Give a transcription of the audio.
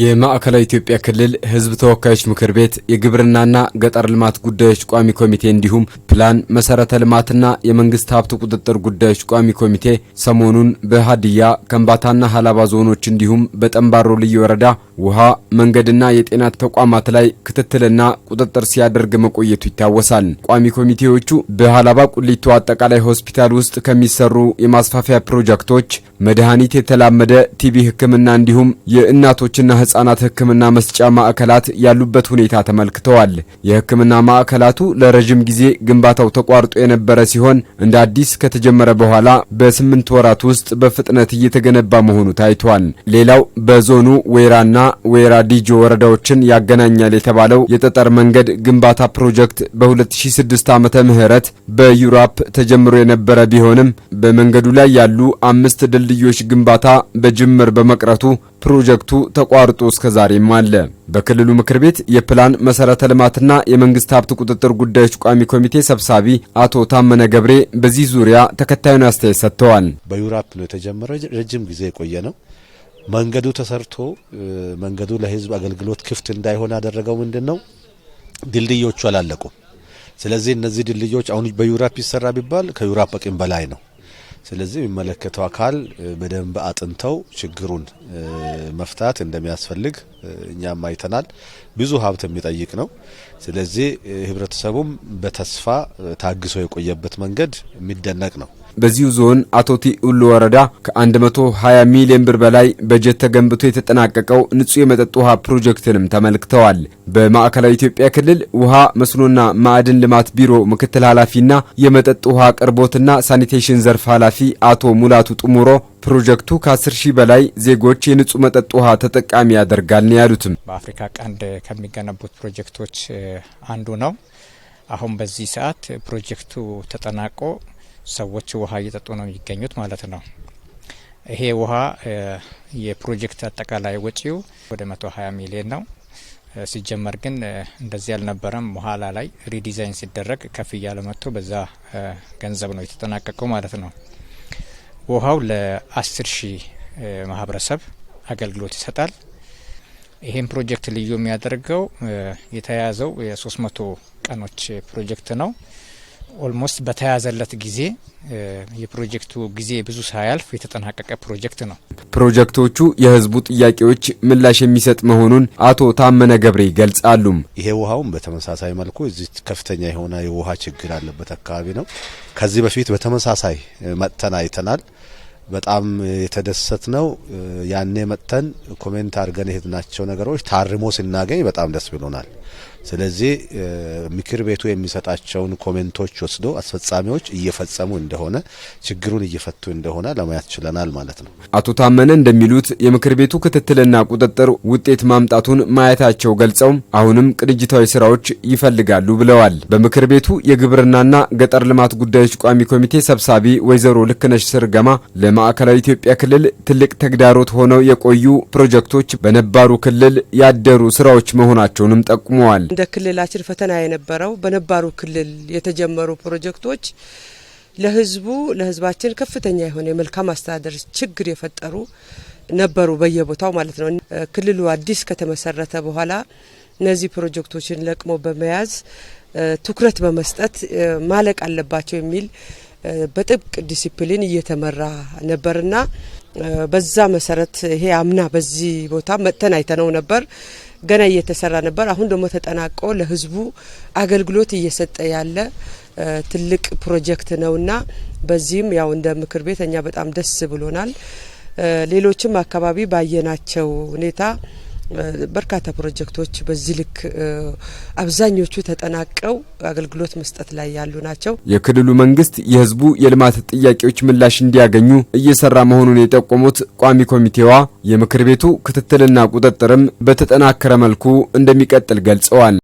የማዕከላዊ ኢትዮጵያ ክልል ሕዝብ ተወካዮች ምክር ቤት የግብርናና ገጠር ልማት ጉዳዮች ቋሚ ኮሚቴ እንዲሁም ፕላን መሰረተ ልማትና የመንግስት ሀብት ቁጥጥር ጉዳዮች ቋሚ ኮሚቴ ሰሞኑን በሀዲያ ከምባታና ሀላባ ዞኖች እንዲሁም በጠምባሮ ልዩ ወረዳ ውሃ፣ መንገድና የጤና ተቋማት ላይ ክትትልና ቁጥጥር ሲያደርግ መቆየቱ ይታወሳል። ቋሚ ኮሚቴዎቹ በሀላባ ቁሊቶ አጠቃላይ ሆስፒታል ውስጥ ከሚሰሩ የማስፋፊያ ፕሮጀክቶች መድኃኒት፣ የተላመደ ቲቪ ሕክምና እንዲሁም የእናቶችና ህጻናት ሕክምና መስጫ ማዕከላት ያሉበት ሁኔታ ተመልክተዋል። የህክምና ማዕከላቱ ለረዥም ጊዜ ግንባታው ተቋርጦ የነበረ ሲሆን እንደ አዲስ ከተጀመረ በኋላ በስምንት ወራት ውስጥ በፍጥነት እየተገነባ መሆኑ ታይቷል። ሌላው በዞኑ ወይራና ወይራ ዲጆ ወረዳዎችን ያገናኛል የተባለው የጠጠር መንገድ ግንባታ ፕሮጀክት በ2006 ዓ ም በዩራፕ ተጀምሮ የነበረ ቢሆንም በመንገዱ ላይ ያሉ አምስት ድል ድልድዮች ግንባታ በጅምር በመቅረቱ ፕሮጀክቱ ተቋርጦ ዛሬም አለ። በክልሉ ምክር ቤት የፕላን መሰረተ ልማትና የመንግስት ሀብት ቁጥጥር ጉዳዮች ቋሚ ኮሚቴ ሰብሳቢ አቶ ታመነ ገብሬ በዚህ ዙሪያ ተከታዩን አስተያየት ሰጥተዋል። በዩራፕ ነው የተጀመረ፣ ረጅም ጊዜ የቆየ ነው። መንገዱ ተሰርቶ መንገዱ ለህዝብ አገልግሎት ክፍት እንዳይሆን ያደረገው ምንድን ነው? ድልድዮቹ አላለቁም። ስለዚህ እነዚህ ድልድዮች አሁን በዩራፕ ይሰራ ቢባል ከዩራፕ አቅም በላይ ነው። ስለዚህ የሚመለከተው አካል በደንብ አጥንተው ችግሩን መፍታት እንደሚያስፈልግ እኛም አይተናል። ብዙ ሀብት የሚጠይቅ ነው። ስለዚህ ህብረተሰቡም በተስፋ ታግሶ የቆየበት መንገድ የሚደነቅ ነው። በዚሁ ዞን አቶ ቲኡሉ ወረዳ ከ120 ሚሊዮን ብር በላይ በጀት ተገንብቶ የተጠናቀቀው ንጹህ የመጠጥ ውሃ ፕሮጀክትንም ተመልክተዋል። በማዕከላዊ ኢትዮጵያ ክልል ውሃ መስኖና ማዕድን ልማት ቢሮ ምክትል ኃላፊና የመጠጥ ውሃ አቅርቦትና ሳኒቴሽን ዘርፍ ኃላፊ አቶ ሙላቱ ጥሙሮ ፕሮጀክቱ ከ10 ሺህ በላይ ዜጎች የንጹህ መጠጥ ውሃ ተጠቃሚ ያደርጋል ነው ያሉትም። በአፍሪካ ቀንድ ከሚገነቡት ፕሮጀክቶች አንዱ ነው። አሁን በዚህ ሰዓት ፕሮጀክቱ ተጠናቆ ሰዎች ውሃ እየጠጡ ነው የሚገኙት ማለት ነው። ይሄ ውሃ የፕሮጀክት አጠቃላይ ወጪው ወደ 120 ሚሊዮን ነው። ሲጀመር ግን እንደዚህ አልነበረም። በኋላ ላይ ሪዲዛይን ሲደረግ ከፍ እያለ መጥቶ በዛ ገንዘብ ነው የተጠናቀቀው ማለት ነው። ውሃው ለ ሺህ ማህበረሰብ አገልግሎት ይሰጣል። ይህም ፕሮጀክት ልዩ የሚያደርገው የተያያዘው የ300 ቀኖች ፕሮጀክት ነው። ኦልሞስት በተያዘለት ጊዜ የፕሮጀክቱ ጊዜ ብዙ ሳያልፍ የተጠናቀቀ ፕሮጀክት ነው። ፕሮጀክቶቹ የህዝቡ ጥያቄዎች ምላሽ የሚሰጥ መሆኑን አቶ ታመነ ገብሬ ይገልጻሉ። ይሄ ውሃውም በተመሳሳይ መልኩ እዚህ ከፍተኛ የሆነ የውሃ ችግር አለበት አካባቢ ነው። ከዚህ በፊት በተመሳሳይ መጥተን አይተናል። በጣም የተደሰት ነው። ያኔ መጥተን ኮሜንት አድርገን የሄድናቸው ነገሮች ታርሞ ስናገኝ በጣም ደስ ብሎናል። ስለዚህ ምክር ቤቱ የሚሰጣቸውን ኮሜንቶች ወስዶ አስፈጻሚዎች እየፈጸሙ እንደሆነ ችግሩን እየፈቱ እንደሆነ ለማየት ችለናል ማለት ነው። አቶ ታመነ እንደሚሉት የምክር ቤቱ ክትትልና ቁጥጥር ውጤት ማምጣቱን ማየታቸው ገልጸው አሁንም ቅንጅታዊ ስራዎች ይፈልጋሉ ብለዋል። በምክር ቤቱ የግብርናና ገጠር ልማት ጉዳዮች ቋሚ ኮሚቴ ሰብሳቢ ወይዘሮ ልክነሽ ስርገማ ለማዕከላዊ ኢትዮጵያ ክልል ትልቅ ተግዳሮት ሆነው የቆዩ ፕሮጀክቶች በነባሩ ክልል ያደሩ ስራዎች መሆናቸውንም ጠቁሞ ጠቁመዋል። እንደ ክልላችን ፈተና የነበረው በነባሩ ክልል የተጀመሩ ፕሮጀክቶች ለህዝቡ ለህዝባችን ከፍተኛ የሆነ የመልካም አስተዳደር ችግር የፈጠሩ ነበሩ በየቦታው ማለት ነው። ክልሉ አዲስ ከተመሰረተ በኋላ እነዚህ ፕሮጀክቶችን ለቅሞ በመያዝ ትኩረት በመስጠት ማለቅ አለባቸው የሚል በጥብቅ ዲሲፕሊን እየተመራ ነበርና በዛ መሰረት ይሄ አምና በዚህ ቦታ መጥተን አይተነው ነበር። ገና እየተሰራ ነበር። አሁን ደግሞ ተጠናቆ ለህዝቡ አገልግሎት እየሰጠ ያለ ትልቅ ፕሮጀክት ነውና በዚህም ያው እንደ ምክር ቤት እኛ በጣም ደስ ብሎናል። ሌሎችም አካባቢ ባየናቸው ሁኔታ በርካታ ፕሮጀክቶች በዚህ ልክ አብዛኞቹ ተጠናቀው አገልግሎት መስጠት ላይ ያሉ ናቸው። የክልሉ መንግስት የህዝቡ የልማት ጥያቄዎች ምላሽ እንዲያገኙ እየሰራ መሆኑን የጠቆሙት ቋሚ ኮሚቴዋ የምክር ቤቱ ክትትልና ቁጥጥርም በተጠናከረ መልኩ እንደሚቀጥል ገልጸዋል።